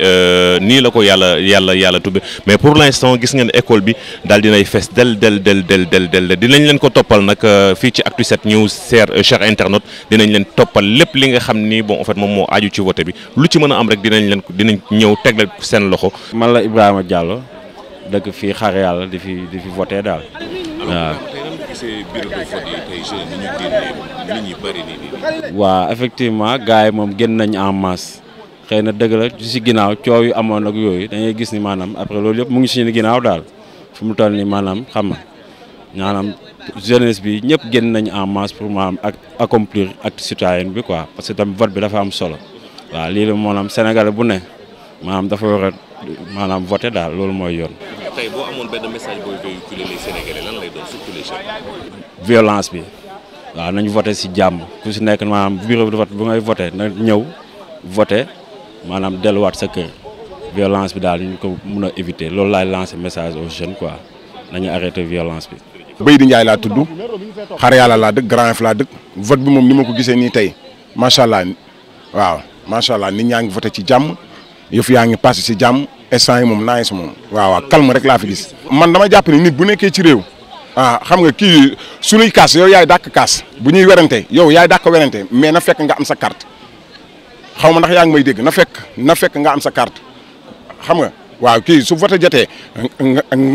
Euh, nii la ko yàlla yàlla yàlla tubbe mais pour l'instant gis ngeen école bi daal dinay fees del del del del del del dinañ leen ko toppal nag euh, fii ci Actu set ñëw cher euh, cher internet dinañ leen toppal lépp li nga xam ni bon en moom moo aju ci vote bi lu ci mën a am rek dinañ leen dinañ ñëw teg tegle seen loxo. man la Ibrahima Diallo dëkk fii xaar yàlla di fi di fi daal waaw. waaw effectivement gars yi moom génn nañ en masse. xëy na dëgg la ci ginnaaw coow yu amoon ak yooyu dañuy gis ni maanaam après loolu yëpp mu ngi suñu ginnaaw daal fu mu toll ni maanaam xam nga maanaam jeunesse bi ñëpp génn nañu en masse pour maanaam ak accomplir ak citoyen bi quoi parce que tamit vote bi dafa am solo waaw lii la moonaam Sénégalais bu ne maanaam dafa war a maanaam voté daal loolu mooy yoon. violence bi waa nañu voté si jàmm ku si nekk maanaam bureau de vote bu ngay voté na ñëw voté. Madame delluwaat sa la violence bi dal ñu ko éviter lool lay lancer message aux jeunes quoi nañu arrêter violence bi. Baydi Ndiaye tout tudd xar la Vous Grand fla vote bi mom ni ko waaw machallah nit voté ci jamm ci waaw calme rek la fi gis. man dama ni nit bu nekké ci ah xam nga ki suñuy kasse yow yaay yow mais na fekk nga am sa carte. xaw ma ndax yaa ngi may dégg na fekk na fekk nga am sa carte xam nga waaw kii su vote jotee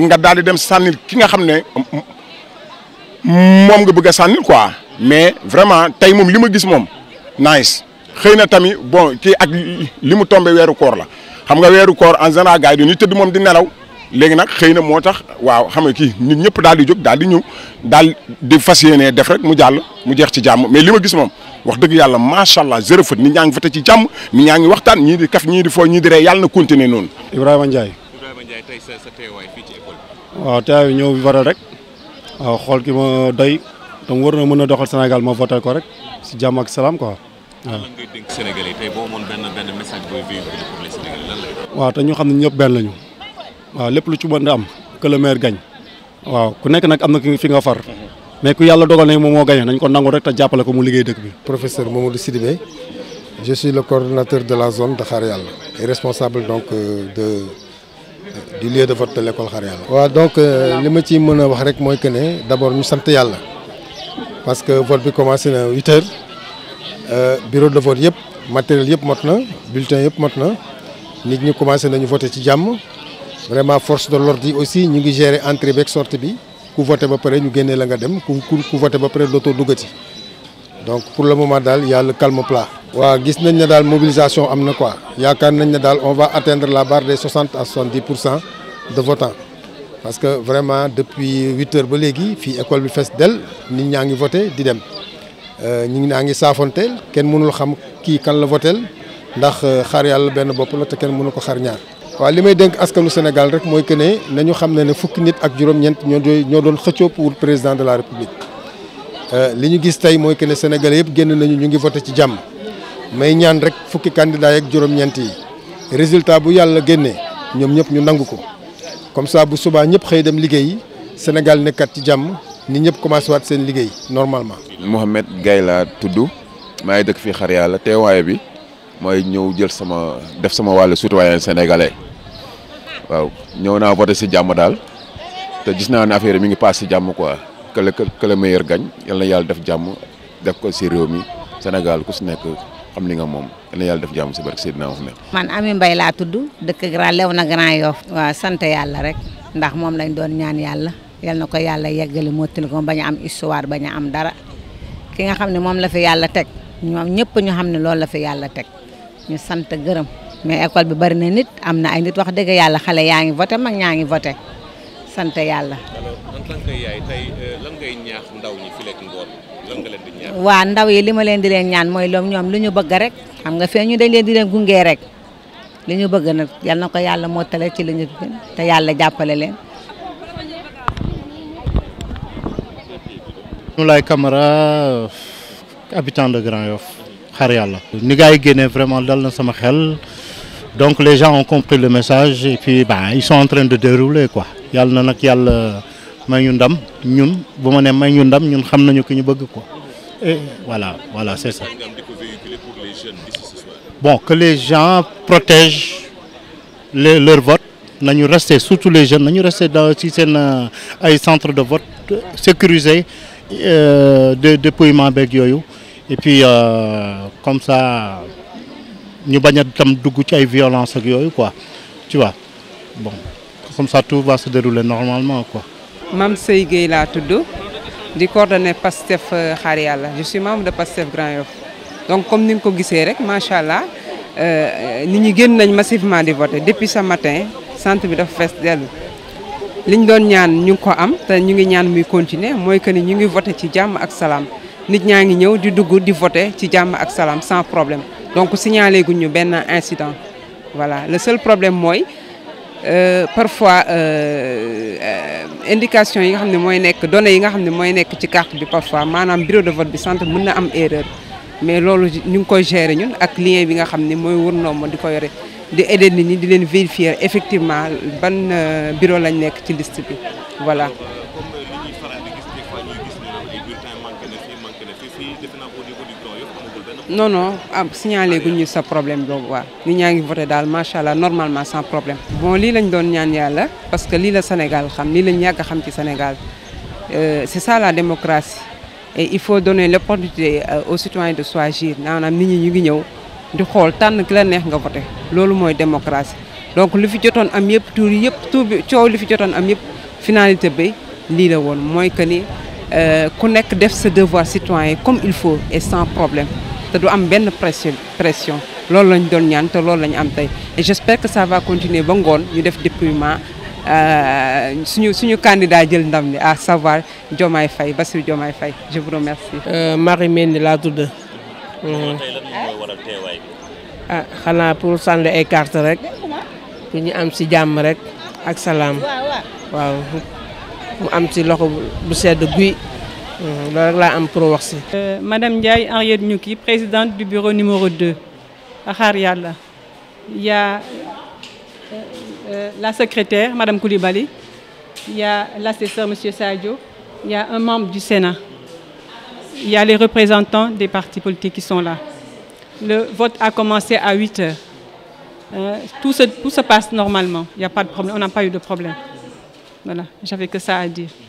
nga daal di dem sànnil ki nga xam ne moom nga bëgg a sànnil quoi mais vraiment tey moom li ma gis moom nice xëy na tamit bon kii ak li mu tombé weeru koor la xam nga weeru koor en général gars yi ñu tëdd moom di nelaw léegi nag xëy na moo tax waaw xam nga kii nit ñëpp daal di jóg daal di ñëw daal di fas yéenee def rek mu jàll mu jeex ci jàmm mais li ma gis moom wax dëgg yàlla macha allah jërëfët ni ñaa ngi ci jàmm nit ñaa ngi waxtaan ñii di kaf ñii di foo ñii di ree yàlla na continuer noonu. Ibrahima Ndiaye. Ibrahima Ndiaye tey sa sa teewaay fii ci école bi. waaw teewaay bi ñëw rek xool ki ma doy war na mën a doxal Sénégal ma voté ko rek si jàmm ak salaam quoi. waaw lan te ñu xam ne ñëpp benn lañu waaw lépp lu ci mën am que le waaw ku nekk nag am na fi nga far mhm. mais ku yàlla dogal ne moom moo gagné nañ ko nangu rek te jàppale ko mu liggéey dëkk bi. professeur Mamadou Sidibé je suis le coordinateur de la zone de Xaar Yàlla et responsable donc euh, de euh, du lieu de vote de l'école Xaar Yàlla. waaw donc euh, li ma ci mën a wax rek mooy que ne d'abord ñu sant yàlla parce que vote bi commencé na h Euh, bureau de vote yëpp matériel yëpp mot bulletin yëpp mot na nit ñi commencé nañu voter. ci jàmm vraiment force de l'ordre yi aussi ñu ngi gérer entrée beeg sortie bi. ku voté ba paré ñu génné la nga dem ku ku voté ba pare dootoo duggati donc pour le moment dal ya le calme plat wa gis nañ na dal mobilisation amna quoi yaakaar nañ na dal on va atteindre la barre des 60 à 70 de votants parce que vraiment depuis 8 h ba légui fi école bi fess del nit ñaa ngi voté di dem euh, ñi ngi naa ngi saafonteel kenn mënul xam ki kan la voteel ndax euh, xaar yalla ben bop la te kenn mënu ko xaar ñaar waaw li may dénk askanu Sénégal rek mooy que ne nañu xam ne ne fukki nit ak juróom-ñeent ñoo ñoo doon xëccoo pour président de la république euh, li ñu gis tey mooy que ne sénégalais yëpp génn nañu ñu ngi voté ci jàmm may ñaan rek fukki candidat yeeg juróom-ñeent yi résultat bu yàlla génnee ñoom ñëpp ñu nangu ko comme ça bu subaa ñëpp xëy dem liggéey Sénégal nekkat ci jàmm ni ñëpp commencé waat seen liggéey normalement. Mouhamed Gaye tudd maa ngi dëkk fii xar yàlla teewaay bi mooy ñëw jël sama def sama wàllu citoyen sénégalais. waaw ñëw naa voté si jàmm daal te gis naa ne affaire mi ngi passe si jàmm quoi que le que le meilleur gagne yal na yàlla def jàmm def ko si réew mi Sénégal ku si nekk xam li nga moom yal na yàlla def jàmm si barke Seydina Mohamed. man Ami Mbaye laa tudd dëkk Grand Léona Grand Yoff. waaw sant yàlla rek ndax moom lañ doon ñaan yàlla yal na ko yàlla yeggali mottali ko bañ a am histoire bañ a am dara ki nga xam ne moom la fi yàlla teg ñoom ñëpp ñu xam ne loolu la fi yàlla teg ñu sant gërëm. mais école bi bari na nit am na ay nit wax dëgg yàlla xale yaa ngi voté mag ñaa ngi voté sant yàlla. alors euh, ndaw waa ndaw yi li ma leen di leen ñaan mooy loom ñoom lu ñu bëgg rek xam nga fee ñu dañ leen di leen gunge rek li ñu bëgg nag yal na ko yàlla mottale ci li ñu te yàlla jàppale leen. Moulay Camara euh, habitant de Grand Yoff xar yàlla. ni gaay génnee vraiment dal na sama xel. donc les gens ont compris le message et puis ben ils sont en train de dérouler quoi y a le yàlla may ñu ndam ñun nous ma ne may ñu ndam ñun xam quoi et voilà voilà c'est ça bon que les gens protègent leur vote nañu rester surtout les jeunes nañu rester dans les euh, centres centre de vote sécurisé euh, de pouy beeg yooyu et puis euh, comme ça ñu baña tam dugg ci ay violence ak yooyu quoi tu vois bon comme ça tout va se dérouler normalement quoi. Mam Sey Gueye la tudd di coordonner PASTEF euh, Xaar Yàlla je suis membre de PASTEF Grand Yoff donc comme ni nga ko gisee rek macha allah euh, nit ñi nañ massivement di voter depuis ce matin centre bi dafa fees dellu li ñu doon ñaan ñu ko am te ñu ngi ñaan muy continuer moy que ñu ngi voter ci jàmm ak salaam nit ñaa ngi di dugg di voter ci jàmm ak salaam sans problème donc signalé guñ ñu benn incident voilà le seul problème mooy euh, parfois euh, euh, indication yi nga xam ne mooy nekk données yi nga xam ne mooy nekk ci carte bi parfois maanaam bureau de vote bi centre mën na am erreur mais loolu ñu ngi koy gérer ñun ak lien bi nga xam ne mooy wër ma di ko di aider nit ñi di leen vérifier effectivement ban bureau lañ nekk ci liste bi voilà non non am ah, signalé guñ ñu sa problème Nous avons nit ñaa ngi voté daal macha allah normalement sans problème. bon lii lañ doon ñaan parce que lii la Sénégal xam lii lañ yàgg a xam ci Sénégal euh, c'est ça la démocratie et il faut donner l'opportunité euh, aux citoyens de choisir Nous, nit ñi ñu ngi ñëw di xool tànn ki la neex nga démocratie donc le futur est am yëpp tout yëpp tuur bi coow am finalité bi lii la woon mooy que ni euh, ku nekk def devoir citoyen comme il faut et sans problème. te du am benn pression pression loolu lañ doon ñaan te loolu lañu am tey et j'espère que ça va continuer ba ngoon ñu def dépouillement euh, suñu suñu candidat jël ndam li à savoir Diomaye Faye Bassirou Diomaye Faye je vous remercie. Euh, Marie Mendy laa tudd. Euh, mm. ah xanaa pour sànni ay carte rek pour ñu am ci jàmm rek ak salaam waaw mu am ci loxo bu sedd guy. Euh, madame Ndiaye Henriette présidente du bureau numéro 2 à il y a euh, euh, la secrétaire madame Koulibaly il y a l'assesseur monsieur Sadio il y a un membre du Sénat il y a les représentants des partis politiques qui sont là. Le vote a commencé à 8 heures. tout, se, tout se passe normalement. Il n'y a pas de problème. On n'a pas eu de problème. Voilà, j'avais que ça à dire.